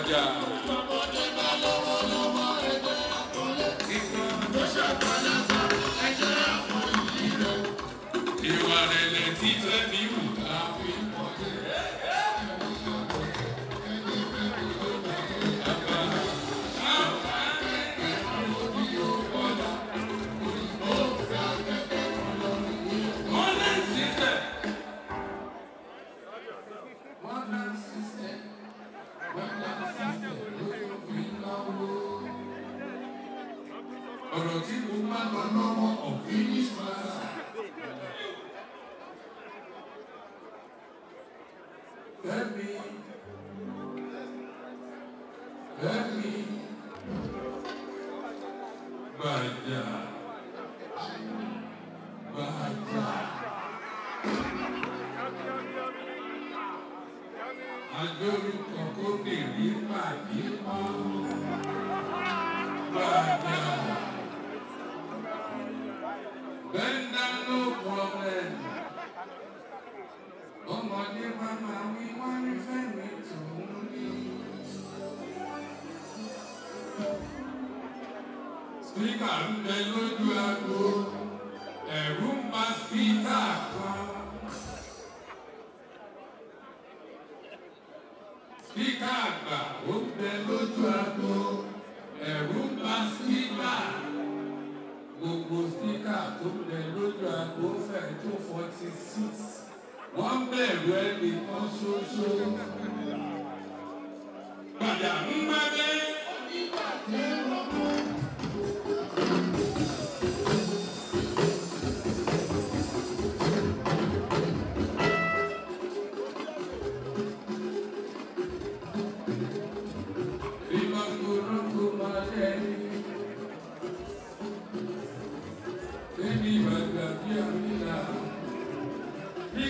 ọjà. ìwà rẹ̀ lè ti fẹ́ mi wù ká wí. One ọ̀rọ̀ tí mo máa lọ lọ́wọ́ ọ̀fíìsì máa ń sà. Let me, let me, gbàjà, gbàjà. Àjọ olùkọ́ kò dé ní pàdé pàdé. No problem. Ọmọdé wa máa wí We want to tòun ní. Spíkà me. bẹ lójú aago, ẹ̀rù ń bà spíkà pa. Spíkà àgbà ó ń bẹ lójú aago, ẹ̀rù ń bà spíkà. Gbogbo spíkà tó ń bẹ lójú aago two forty six One wọ́n bẹ̀rù ẹni kan ṣoṣo. Padà ń máa.